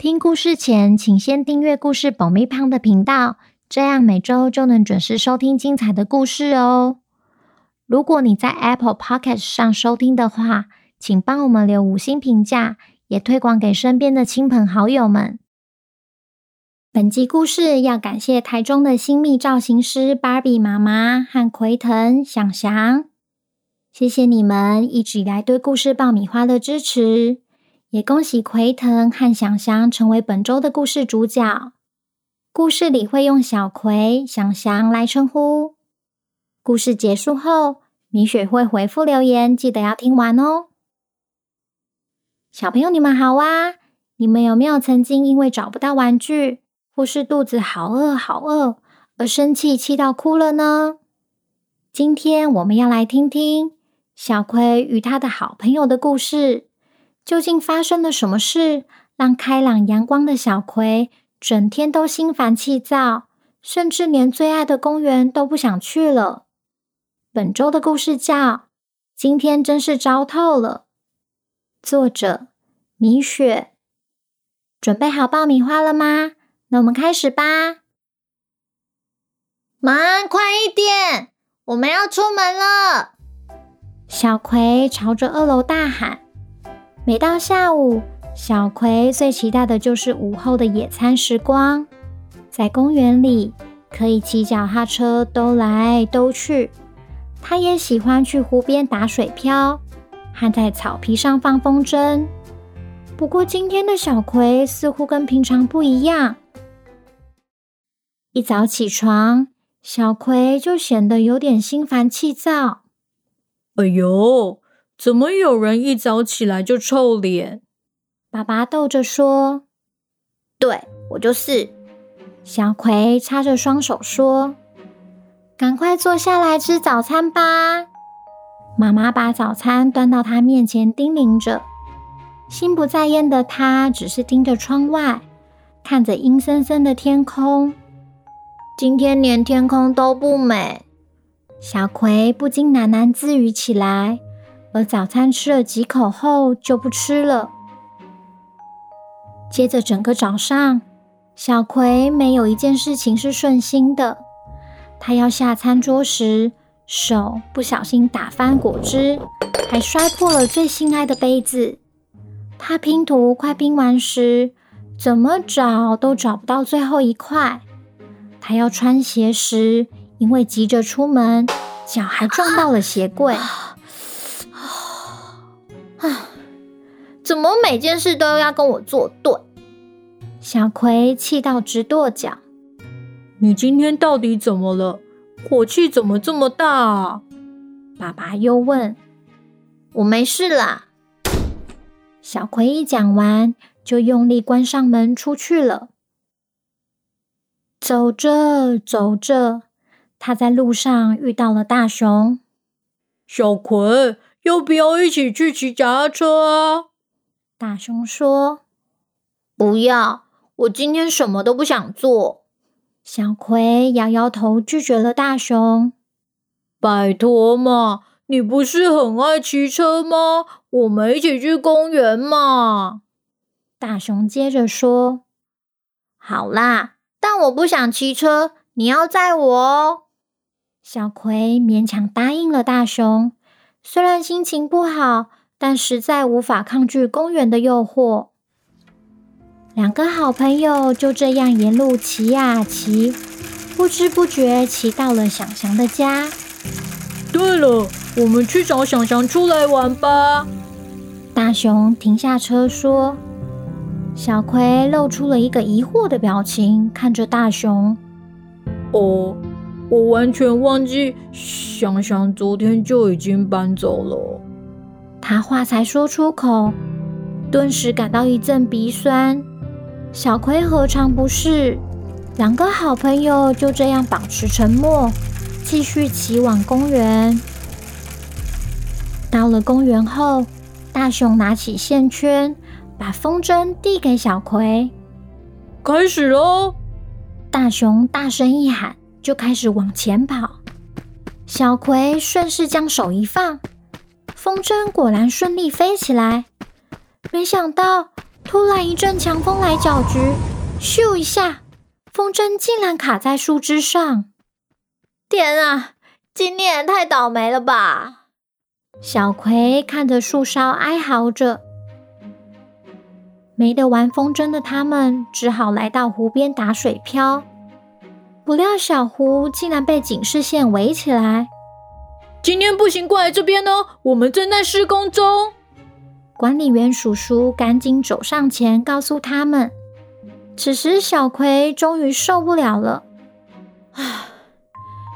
聽故事前，請先訂閱“故事爆米花”的頻道，這樣每週就能準時收聽精彩的故事哦。如果你在 Apple Podcast 上收聽的話，請幫我們留五星評價，也推廣給身邊的親朋好友們。本集故事要感謝臺中的新秘造型師芭比媽媽和奎騰祥祥，謝謝你們一直以來對故事爆米花的支持。也恭喜奎騰和祥祥成為本周的故事主角。故事裡會用小奎、祥祥來稱呼。故事結束後，米雪會回復留言，記得要聽完哦。小朋友，你們好啊！你們有沒有曾經因為找不到玩具，或是肚子好餓、好餓而生氣，氣到哭了呢？今天我們要來聽聽小奎與他的好朋友的故事。究竟發生了什麼事，讓開朗陽光的小奎整天都心煩氣躁，甚至連最愛的公園都不想去了？本周的故事叫《今天真是糟透了》，作者米雪。準備好爆米花了嗎？那我們開始吧。媽，快一點，我們要出門了！小奎朝着二樓大喊。每到下午，小奎最期待的就是午後的野餐時光。在公園裡，可以騎腳踏車兜來兜去。他也喜歡去湖邊打水漂，和在草皮上放風箏。不過，今天的小奎似乎跟平常不一樣。一早起床，小奎就顯得有點心煩氣躁。哎呦！怎麼有人一早起來就臭臉？爸爸逗着說：“對，我就是。”小奎插着雙手說：“趕快坐下來吃早餐吧。”媽媽把早餐端到他面前，叮嚀着。心不在焉的他只是盯着窗外，看着陰森森的天空。今天連天空都不美，小奎不禁喃喃自語起來。而早餐吃了幾口後就不吃了。接着整個早上，小奎沒有一件事情是順心的。他要下餐桌時，手不小心打翻果汁，還摔破了最心愛的杯子。他拼圖快拼完時，怎麼找都找不到最後一塊。他要穿鞋時，因為急着出門，腳還撞到了鞋櫃。啊啊，怎麼每件事都要跟我作對？小奎氣到直跺腳。你今天到底怎麼了？火氣怎麼這麼大？爸爸又問。我沒事啦。小奎一講完，就用力關上門出去了。走着走着，他在路上遇到了大熊。小奎。要不要一起去騎腳踏車啊？大熊說：“不要，我今天什麼都不想做。”小奎搖搖頭，拒絕了大熊。“拜托嘛，你不是很愛騎車嗎？我們一起去公園嘛。”大熊接着說：“好啦，但我不想騎車，你要載我哦。”小奎勉強答應了大熊。雖然心情不好，但實在無法抗拒公園的誘惑。兩個好朋友就這樣一路騎呀騎，不知不覺騎到了想想的家。對了，我們去找想想出來玩吧！大熊停下車說：“小奎露出了一個疑惑的表情，看着大熊，哦、oh. 我完全忘記，香香昨天就已經搬走了。他話才說出口，頓時感到一陣鼻酸。小奎何嘗不是？兩個好朋友就這樣保持沉默，繼續騎往公園。到了公園後，大雄拿起線圈，把風箏遞給小奎。開始嘍！大雄大聲一喊。就開始往前跑，小葵順勢將手一放，風箏果然順利飛起來。沒想到突然一陣強風來攪局，咻一下，風箏竟然卡在樹枝上。天啊，今天也太倒霉了吧！小葵看着樹梢哀嚎着，沒得玩風箏的他們只好來到湖邊打水漂。不料，小胡竟然被警示線圍起來。今天不行，過來這邊哦，我們正在施工中。管理員叔叔趕緊走上前，告訴他們。此時，小奎終於受不了了。啊，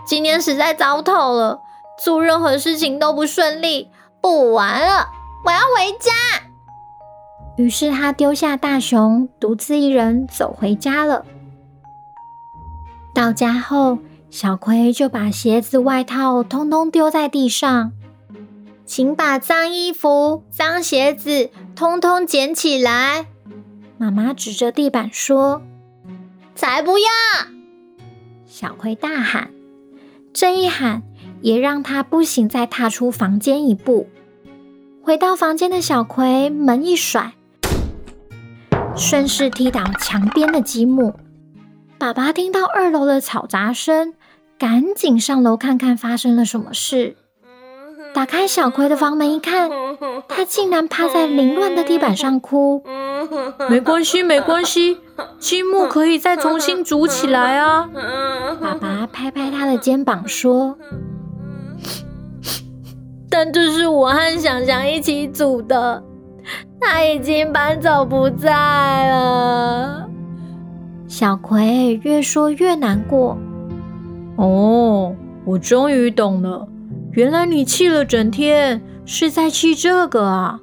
今天實在糟透了，做任何事情都不順利，不玩了，我要回家。於是，他丟下大熊，獨自一人走回家了。到家後，小奎就把鞋子、外套通通丟在地上。請把髒衣服、髒鞋子通通撿起來。媽媽指着地板說：“才不要！”小奎大喊，這一喊也讓他不行再踏出房間一步。回到房間的小奎，門一甩，順勢踢倒牆邊的積木。爸爸聽到二樓的吵雜聲，趕緊上樓看看發生了什麼事。打開小奎的房門一看，他竟然趴在凌亂的地板上哭。沒關係，沒關係，積木可以再重新組起來啊！爸爸拍拍他的肩膀說：“但這是我和想想一起組的，他已經搬走不在了。”小奎越說越難過。哦，我終於懂了，原來你氣了整天是在氣這個啊！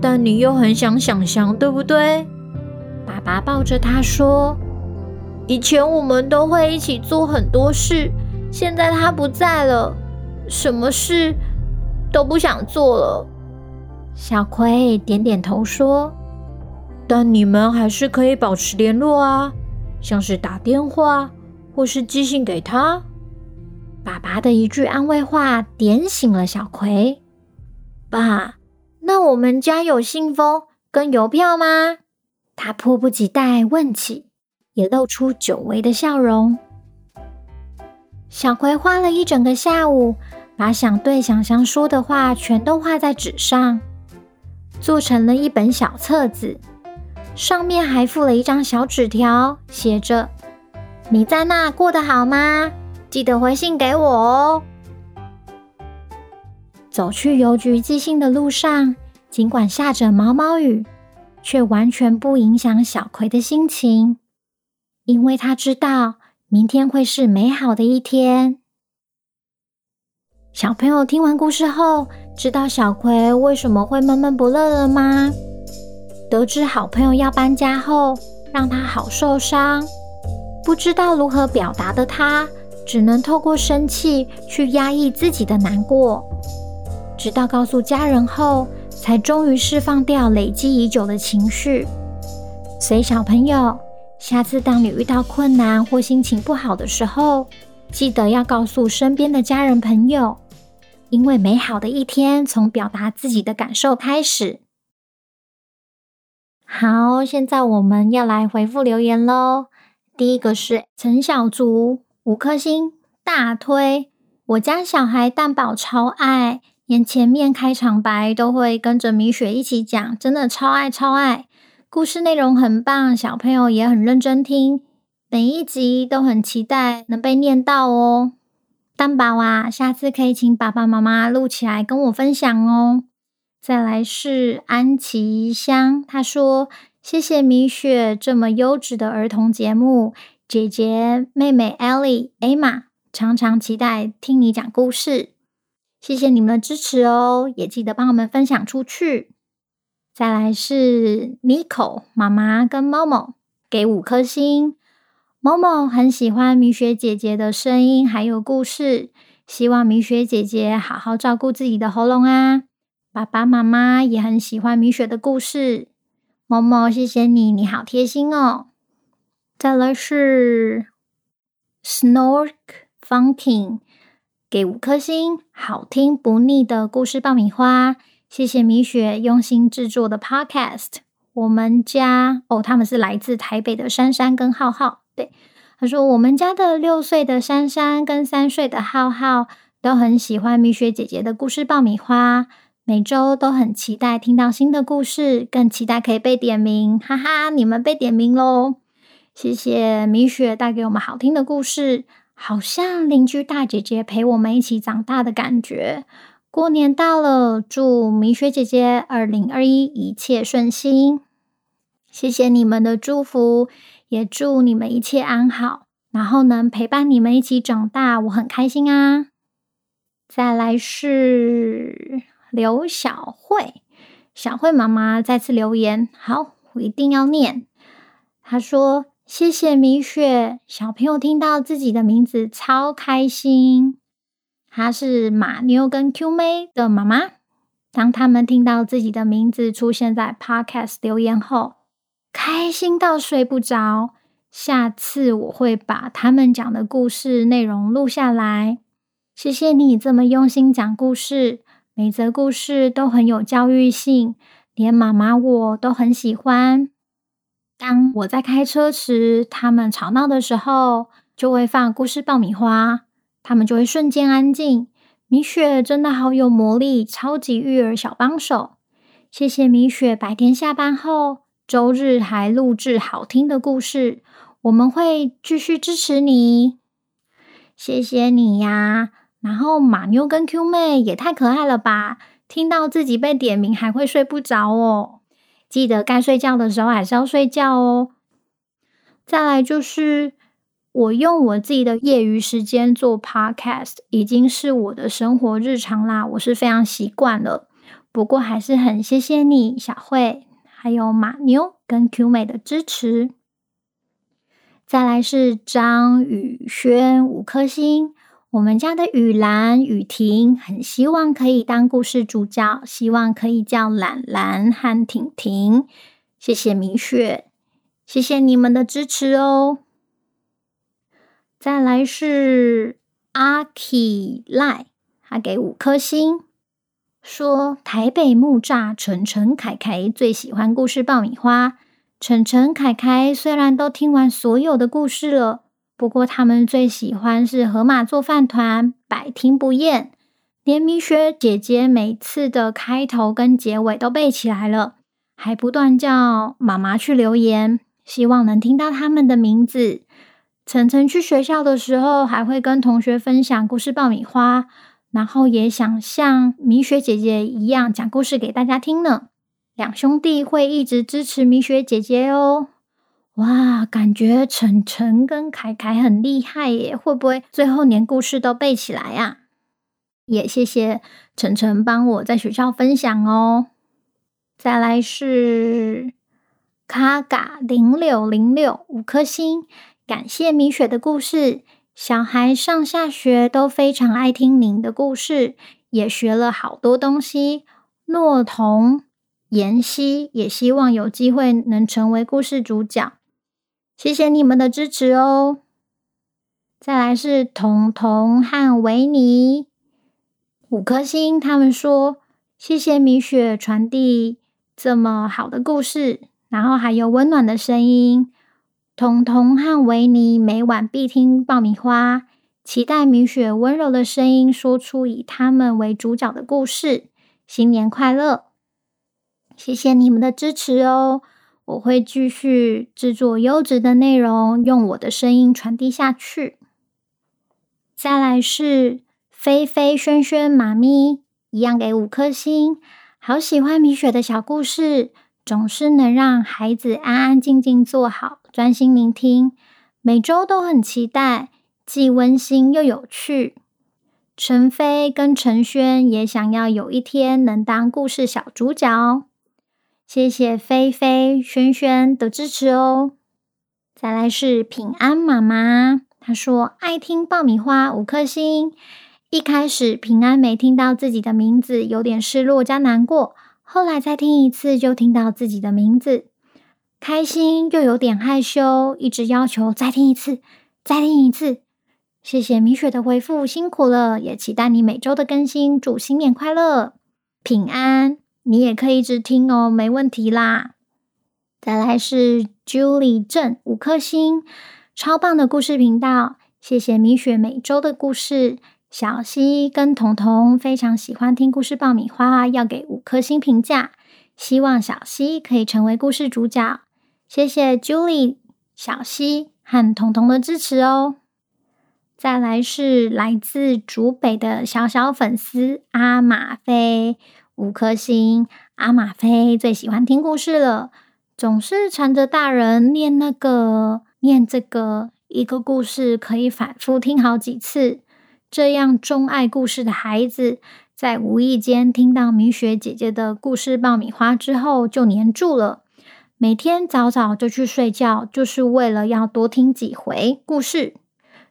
但你又很想小翔，對不對？爸爸抱着他說：“以前我們都會一起做很多事，現在他不在了，什麼事都不想做了。”小奎點點頭說：“但你們還是可以保持聯絡啊。”像是打電話或是寄信給他，爸爸的一句安慰話點醒了小奎。爸，那我們家有信封跟郵票嗎？他迫不及待問起，也露出久違的笑容。小奎花了一整個下午，把想對想象說的話全都畫在紙上，做成了一本小冊子。上面還附了一張小紙條，寫着：“你在那過得好嗎？記得回信給我哦。”走去郵局寄信的路上，儘管下着毛毛雨，卻完全不影響小奎的心情，因為他知道明天會是美好的一天。小朋友聽完故事後，知道小奎為什麼會悶悶不樂了嗎？得知好朋友要搬家後，讓他好受傷。不知道如何表達的他，只能透過生氣去壓抑自己的難過。直到告訴家人後，才終於釋放掉累積已久的情緒。所以小朋友，下次當你遇到困難或心情不好的時候，記得要告訴身邊的家人朋友，因為美好的一天從表達自己的感受開始。好，現在我們要來回復留言嘍。第一個是陳小竹，五顆星，大推。我家小孩蛋寶超愛，連前面開場白都會跟着米雪一起講，真的超愛超愛。故事內容很棒，小朋友也很認真聽，每一集都很期待能被念到哦。蛋寶啊，下次可以請爸爸媽媽錄起來跟我分享哦。再來是安琪香，她說：“謝謝米雪這麼優質的兒童節目，姐姐妹妹艾莉、艾瑪常常期待聽你講故事。謝謝你們的支持哦，也記得幫我們分享出去。”再來是妮可媽媽跟 Momo 給五顆星，Momo 很喜歡米雪姐姐的聲音還有故事，希望米雪姐姐好好照顧自己的喉嚨啊。爸爸媽媽也很喜歡米雪的故事。某某，謝謝你，你好貼心哦。再來是 Snork Funking，給五顆星，好聽不膩的故事爆米花。謝謝米雪用心製作的 Podcast。我們家哦，他們是來自台北的珊珊跟浩浩。對，他說我們家的六歲的珊珊跟三歲的浩浩都很喜歡米雪姐姐的故事爆米花。每週都很期待聽到新的故事，更期待可以被點名，哈哈！你們被點名嘍！謝謝米雪帶給我們好聽的故事，好像鄰居大姐姐陪我們一起長大的感覺。過年到了，祝米雪姐姐二零二一一切順心！謝謝你們的祝福，也祝你們一切安好。然後能陪伴你們一起長大，我很開心啊！再來是。劉小慧，小慧媽媽再次留言，好，我一定要念。她說：“謝謝米雪，小朋友聽到自己的名字超開心。她是馬妞跟 Q 妹的媽媽，當他們聽到自己的名字出現在 Podcast 留言後，開心到睡不着。下次我會把他們講的故事內容錄下來。謝謝你這麼用心講故事。”每則故事都很有教育性，連媽媽我都很喜歡。當我在開車時，他們吵鬧的時候，就會放故事爆米花，他們就會瞬間安靜。米雪真的好有魔力，超級育兒小幫手。謝謝米雪，白天下班後，週日還錄製好聽的故事，我們會繼續支持你。謝謝你呀。然後馬妞跟 Q 妹也太可愛了吧！聽到自己被點名還會睡不着哦。記得該睡覺的時候還是要睡覺哦。再來就是我用我自己的業餘時間做 Podcast，已經是我的生活日常啦，我是非常習慣了。不過還是很謝謝你，小慧，還有馬妞跟 Q 妹的支持。再來是張宇萱五顆星。我們家的雨蘭、雨婷很希望可以當故事主角，希望可以叫蘭蘭和婷婷。謝謝米雪，謝謝你們的支持哦。再來是阿 key 賴，他給五顆星，說台北木柵晨晨、凱凱最喜歡故事爆米花。晨晨、凱凱雖然都聽完所有的故事了。不過他們最喜歡是河馬做飯糰，百聽不厭。連米雪姐姐每次的開頭跟結尾都背起來了，還不斷叫媽媽去留言，希望能聽到他們的名字。晨晨去學校的時候，還會跟同學分享故事爆米花，然後也想像米雪姐姐一樣講故事給大家聽呢。兩兄弟會一直支持米雪姐姐哦。哇，感覺晨晨跟凱凱很厲害耶！會不會最後連故事都背起來呀，啊？也謝謝晨晨幫我在學校分享哦。再來是卡嘎零六零六五顆星，感謝米雪的故事，小孩上下學都非常愛聽您的故事，也學了好多東西。諾童妍希也希望有機會能成為故事主角。謝謝你們的支持哦！再來是彤彤和維尼五顆星，他們說：“謝謝米雪傳遞這麼好的故事，然後還有溫暖的聲音。彤彤和維尼每晚必聽爆米花，期待米雪溫柔的聲音說出以他們為主角的故事。新年快樂！謝謝你們的支持哦。”我會繼續制作優質的內容，用我的聲音傳遞下去。再來是菲菲、軒軒媽咪，一樣給五顆星。好喜歡米雪的小故事，總是能讓孩子安安靜靜坐好，專心聆聽。每周都很期待，既溫馨又有趣。陳飛跟陳軒也想要有一天能當故事小主角。謝謝菲菲、軒軒的支持哦。再來是平安媽媽，她說愛聽爆米花五顆星。一開始平安沒聽到自己的名字，有點失落加難過。後來再聽一次就聽到自己的名字，開心又有點害羞，一直要求再聽一次、再聽一次。謝謝米雪的回覆，辛苦了，也期待你每周的更新。祝新年快樂，平安。你也可以一直聽哦，沒問題啦。再來是 Julie 正，五顆星，超棒的故事頻道，謝謝米雪每周的故事。小溪跟彤彤非常喜歡聽故事爆米花，要給五顆星評價，希望小溪可以成為故事主角。謝謝 Julie、小溪和彤彤的支持哦。再來是來自竹北的小小粉絲阿馬飛。五顆星，阿瑪菲最喜歡聽故事了，總是纏着大人念那個念這個。一個故事可以反復聽好幾次。這樣鍾愛故事的孩子，在無意間聽到米雪姐姐的故事爆米花之後，就黏住了。每天早早就去睡覺，就是為了要多聽幾回故事。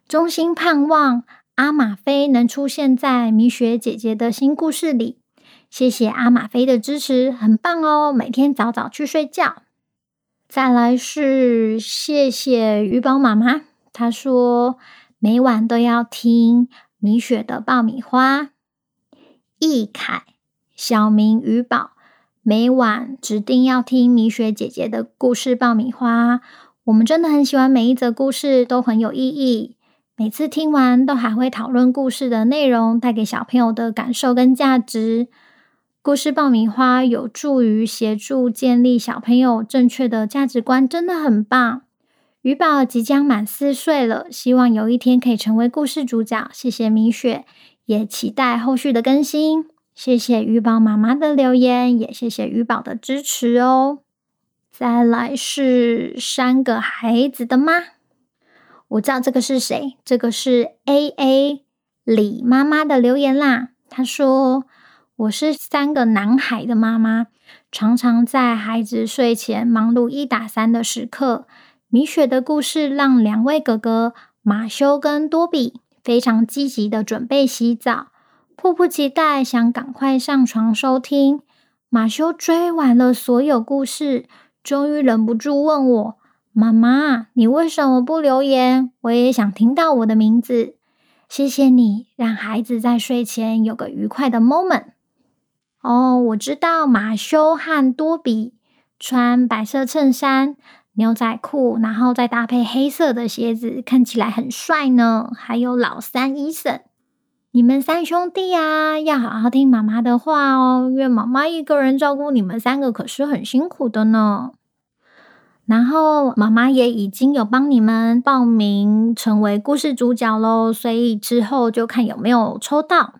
衷心盼望阿瑪菲能出現在米雪姐姐的新故事裡。謝謝阿瑪菲的支持，很棒哦！每天早早去睡覺。再來是謝謝魚寶媽媽，她說每晚都要聽米雪的爆米花。易凱、小明余寶、魚寶每晚指定要聽米雪姐姐的故事爆米花，我們真的很喜歡，每一則故事都很有意義。每次聽完都還會討論故事的內容，帶給小朋友的感受跟價值。故事爆米花有助於協助建立小朋友正確的價值觀，真的很棒。魚寶即將滿四歲了，希望有一天可以成為故事主角。謝謝米雪，也期待後續的更新。謝謝魚寶媽媽的留言，也謝謝魚寶的支持哦。再來是三個孩子的媽，我知道這個是誰，這個是 AA 李媽媽的留言啦，她說。我是三個男孩的媽媽，常常在孩子睡前忙碌一打三的時刻。米雪的故事讓兩位哥哥馬修跟多比非常積極地準備洗澡，迫不及待想趕快上床收聽。馬修追完了所有故事，終於忍不住問我：“媽媽，你為什麼不留言？我也想聽到我的名字。”謝謝你，讓孩子在睡前有個愉快的 moment。哦，我知道馬修和多比穿白色襯衫、牛仔褲，然後再搭配黑色的鞋子，看起來很帥呢。還有老三伊森，你們三兄弟啊，要好好聽媽媽的話哦，因為媽媽一個人照顧你們三個可是很辛苦的呢。然後媽媽也已經有幫你們報名成為故事主角嘍，所以之後就看有沒有抽到。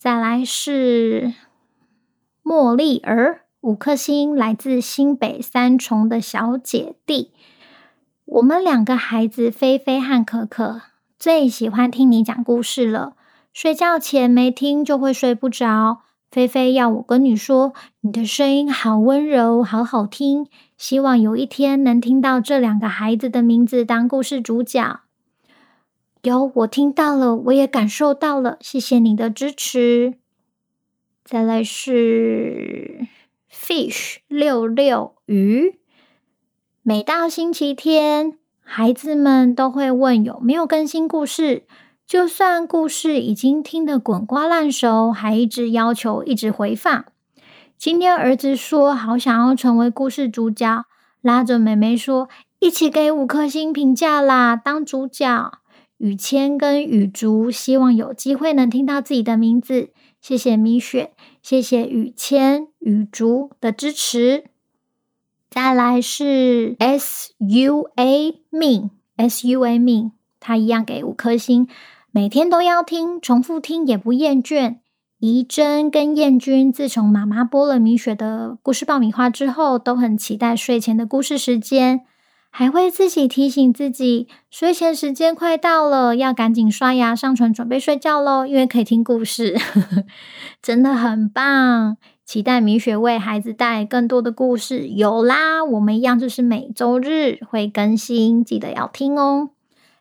再來是。茉莉兒五顆星，來自新北三重的小姐弟。我們兩個孩子菲菲和可可最喜歡聽你講故事了。睡覺前沒聽就會睡不着。菲菲要我跟你說，你的聲音好溫柔，好好聽。希望有一天能聽到這兩個孩子的名字當故事主角。有，我聽到了，我也感受到了。謝謝你的支持。再來是 fish 六六魚。每到星期天，孩子們都會問有沒有更新故事。就算故事已經聽得滾瓜爛熟，還一直要求一直回放。今天兒子說好想要成為故事主角，拉着妹妹說一起給五顆星評價啦，當主角。雨謙跟雨竹希望有機會能聽到自己的名字。謝謝米雪，謝謝雨謙、雨竹的支持。再來是 SUA Ming，SUA Ming，他一樣給五顆星。每天都要聽，重複聽也不厭倦。怡珍跟彥軍，自從媽媽播了米雪的故事爆米花之後，都很期待睡前的故事時間。還會自己提醒自己，睡前時間快到了，要趕緊刷牙、上床準備睡覺嘍，因為可以聽故事， 真的很棒。期待米雪為孩子帶來更多的故事。有啦，我們一樣就是每周日會更新，記得要聽哦。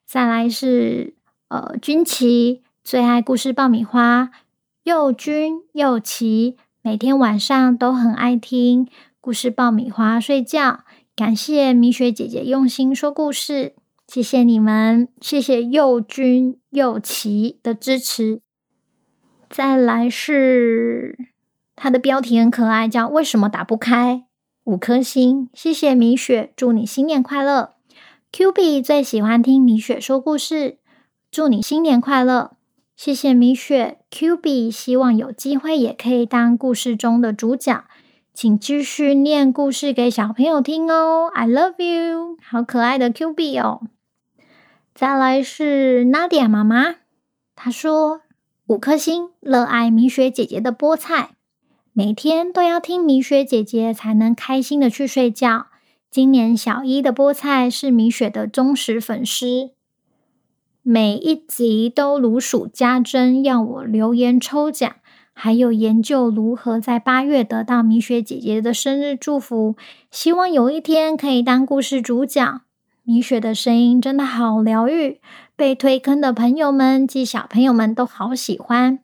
再來是呃，君旗最愛故事爆米花，又君又旗，每天晚上都很愛聽故事爆米花睡覺。感謝米雪姐姐用心說故事，謝謝你們，謝謝佑君佑琪的支持。再來是他的標題很可愛，叫“為什麼打不開”，五顆星。謝謝米雪，祝你新年快樂。QB 最喜歡聽米雪說故事，祝你新年快樂。謝謝米雪，QB 希望有機會也可以當故事中的主角。請繼續念故事給小朋友聽哦，I love you，好可愛的 QB 哦。再來是 Nadia 媽媽，她說五顆星，熱愛米雪姐姐的菠菜，每天都要聽米雪姐姐才能開心的去睡覺。今年小一的菠菜是米雪的忠實粉絲，每一集都如數家珍，要我留言抽獎。還有研究如何在八月得到米雪姐姐的生日祝福，希望有一天可以當故事主角。米雪的聲音真的好療癒，被推坑的朋友們及小朋友們都好喜歡。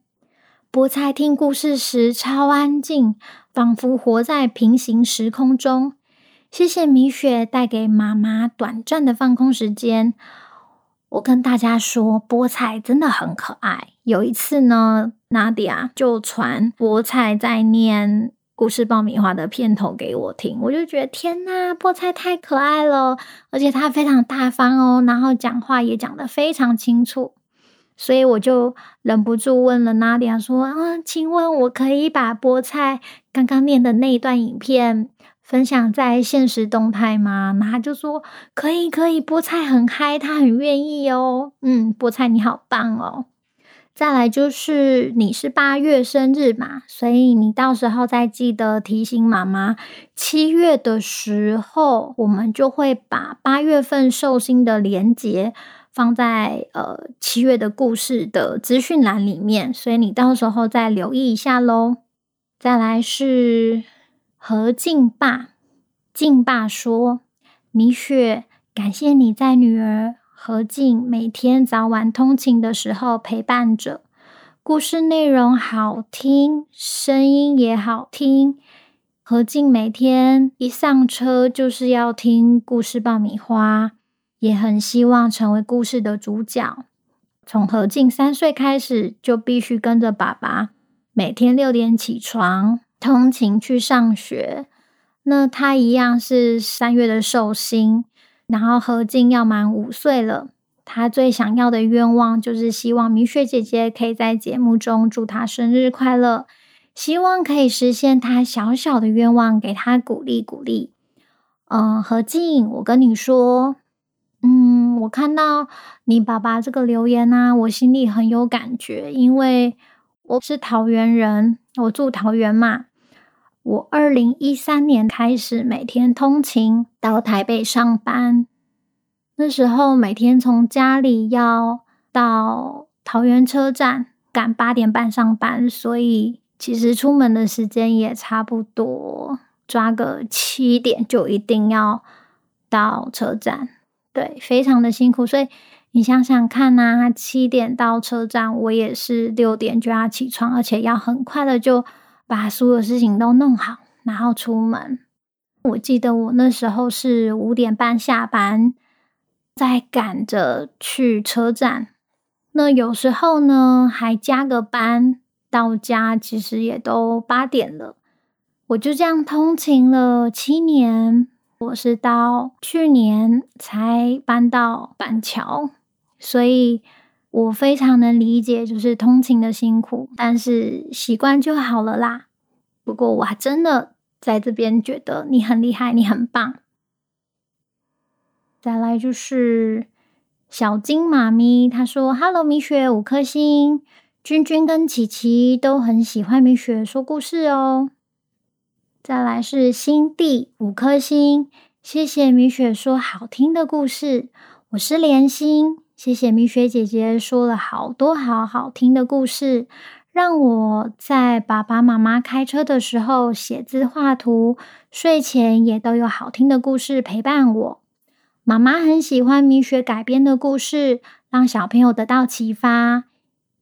菠菜聽故事時超安靜，仿佛活在平行時空中。謝謝米雪帶給媽媽短暫的放空時間。我跟大家說，菠菜真的很可愛。有一次呢，納迪亞就傳菠菜在念故事爆米花的片頭給我聽，我就覺得天吶、啊、菠菜太可愛了，而且他非常大方哦，然後講話也講得非常清楚，所以我就忍不住問了納迪亞說：“啊，請問我可以把菠菜剛剛念的那一段影片？”分享在現實動態嗎？然後就說可以，可以。菠菜很嗨，他很願意哦。嗯，菠菜你好棒哦。再來就是你是八月生日嘛，所以你到時候再記得提醒媽媽。七月的時候，我們就會把八月份壽星的連結放在呃七月的故事的資訊欄裡面，所以你到時候再留意一下嘍。再來是。何敬爸，敬爸說：“米雪，感謝你在女兒何敬每天早晚通勤的時候陪伴着。故事內容好聽，聲音也好聽。何敬每天一上車就是要聽故事爆米花，也很希望成為故事的主角。從何敬三歲開始，就必須跟着爸爸，每天六點起床。”通勤去上學，那他一樣是三月的壽星，然後何靜要滿五歲了。他最想要的願望就是希望米雪姐姐可以在節目中祝他生日快樂，希望可以實現他小小的願望，給他鼓勵鼓勵。嗯，何靜，我跟你說，嗯，我看到你爸爸這個留言呢、啊，我心裡很有感覺，因為我是桃園人，我住桃園嘛。我二零一三年開始每天通勤到台北上班，那時候每天從家裡要到桃園車站趕八點半上班，所以其實出門的時間也差不多，抓個七點就一定要到車站，對，非常的辛苦。所以你想想看啊，七點到車站，我也是六點就要起床，而且要很快的就。把所有事情都弄好，然後出門。我記得我那時候是五點半下班，在趕着去車站。那有時候呢，還加個班，到家其實也都八點了。我就這樣通勤了七年。我是到去年才搬到板橋，所以。我非常能理解，就是通勤的辛苦，但是習慣就好了啦。不過我還真的在這邊覺得你很厲害，你很棒。再來就是小金媽咪，她說：“Hello，米雪，五顆星。”君君跟琪琪都很喜歡米雪說故事哦。再來是新地，五顆星，謝謝米雪說好聽的故事。我是蓮心。謝謝米雪姐姐說了好多好好聽的故事，讓我在爸爸媽媽開車的時候寫字畫圖，睡前也都有好聽的故事陪伴我。媽媽很喜歡米雪改編的故事，讓小朋友得到啟發，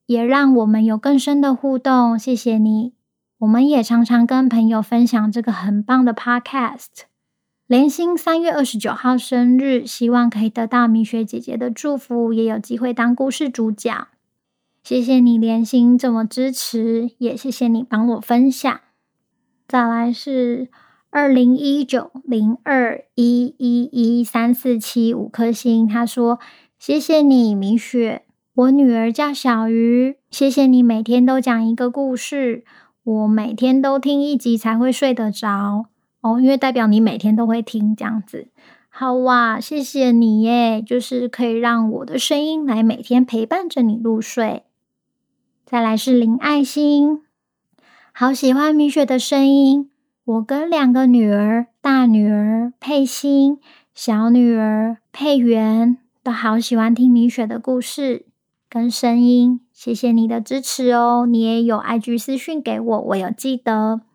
也讓我們有更深的互動。謝謝你，我們也常常跟朋友分享這個很棒的 Podcast。連心三月二十九號生日，希望可以得到米雪姐姐的祝福，也有機會當故事主角。謝謝你連心這麼支持，也謝謝你幫我分享。再來是二零一九零二一一一三四七五顆星，她說，謝謝你米雪，我女兒叫小魚，謝謝你每天都講一個故事，我每天都聽一集才會睡得着哦，因為代表你每天都會聽這樣子，好哇、啊，謝謝你耶，就是可以讓我的聲音來每天陪伴着你入睡。再來是林愛心，好喜歡米雪的聲音，我跟兩個女兒，大女兒佩欣，小女兒佩媛，都好喜歡聽米雪的故事跟聲音，謝謝你的支持哦，你也有 IG 私訊給我，我有記得。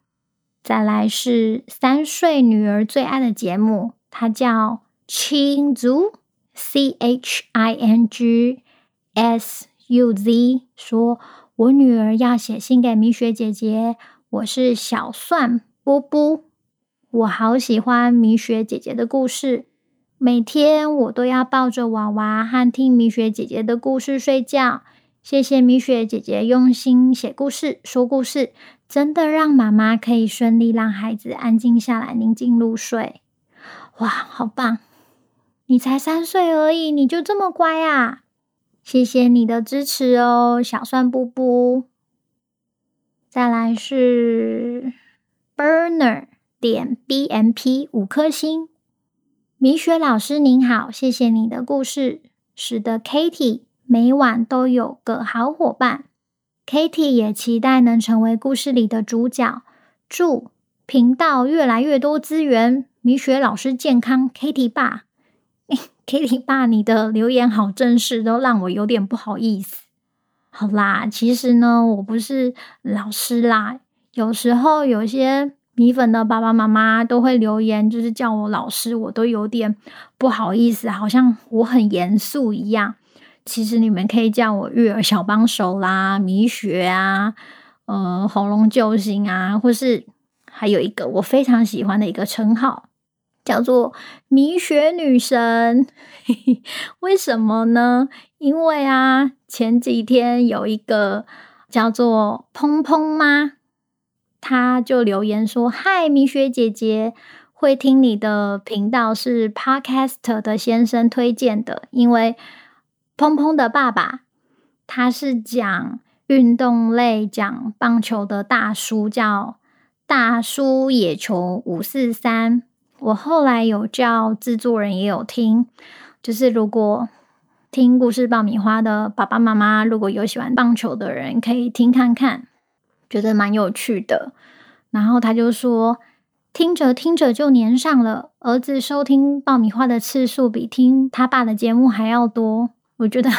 再來是三歲女兒最愛的節目，她叫 Chingzu（C H I N G S U Z）。說：“我女兒要寫信給米雪姐姐，我是小蒜波波，我好喜歡米雪姐姐的故事，每天我都要抱着娃娃和聽米雪姐姐的故事睡覺。”謝謝米雪姐姐用心寫故事、說故事，真的讓媽媽可以順利讓孩子安靜下來、寧靜入睡。哇，好棒！你才三歲而已，你就這麼乖啊？謝謝你的支持哦，小蒜布布。再來是 Burner 點 BMP 五顆星。米雪老師您好，謝謝你的故事，使得 Katie。每晚都有個好伙伴，Kitty 也期待能成為故事裡的主角。祝頻道越來越多資源，米雪老師健康，Kitty 爸。欸，Kitty 爸，你的留言好正式，都讓我有點不好意思。好啦，其實呢，我不是老師啦，有時候有些米粉的爸爸媽媽都會留言，就是叫我老師，我都有點不好意思，好像我很嚴肅一樣。其實你們可以叫我育兒小幫手啦，米雪啊，呃，喉嚨救星啊，或是還有一個我非常喜歡的一個稱號，叫做米雪女神。 為什麼呢？因為啊，前幾天有一個叫做“砰砰媽”，她就留言說：“嗨，米雪姐姐，會聽你的頻道是 Podcast 的先生推薦的，因為。”砰砰的爸爸，他是講運動類、講棒球的大叔，叫大叔野球五四三。我後來有叫製作人也有聽，就是如果聽故事爆米花的爸爸媽媽，如果有喜歡棒球的人，可以聽看看，覺得蠻有趣的。然後他就說，聽着聽着就黏上了。兒子收聽爆米花的次數比聽他爸的節目還要多。我覺得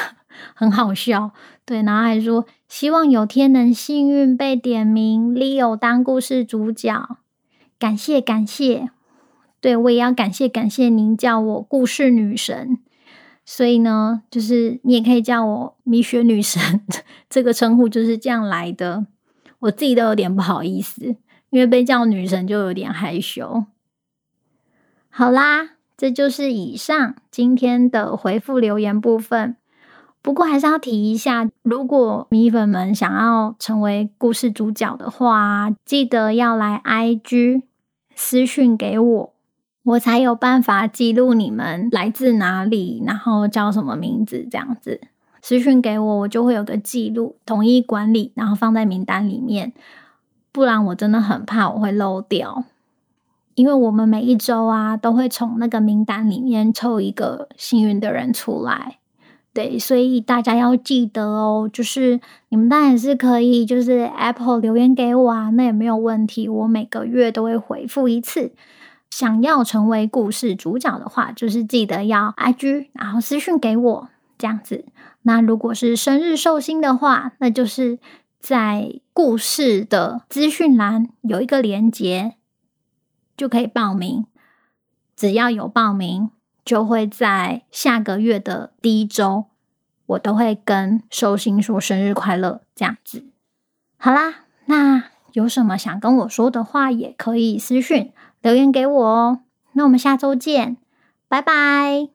很好笑，對，然後還說希望有天能幸運被點名 Leo 當故事主角，感謝感謝，對，我也要感謝感謝您叫我故事女神，所以呢，就是你也可以叫我米雪女神，這個稱呼就是這樣來的，我自己都有點不好意思，因為被叫女神就有點害羞。好啦。這就是以上今天的回復留言部分。不過還是要提一下，如果米粉們想要成為故事主角的話，記得要來 IG 私訊給我，我才有辦法記錄你們來自哪裡，然後叫什麼名字這樣子。私訊給我，我就會有個記錄，統一管理，然後放在名單裡面。不然我真的很怕我會漏掉。因為我們每一周啊，都會從那個名單裡面抽一個幸運的人出來，對，所以大家要記得哦，就是你們當然是可以，就是 Apple 留言給我啊，那也沒有問題，我每個月都會回復一次。想要成為故事主角的話，就是記得要 IG，然後私訊給我這樣子。那如果是生日壽星的話，那就是在故事的資訊欄有一個連結。就可以報名，只要有報名，就會在下個月的第一周，我都會跟壽星說生日快樂這樣子。好啦，那有什麼想跟我說的話，也可以私訊留言給我哦。那我們下周見，拜拜。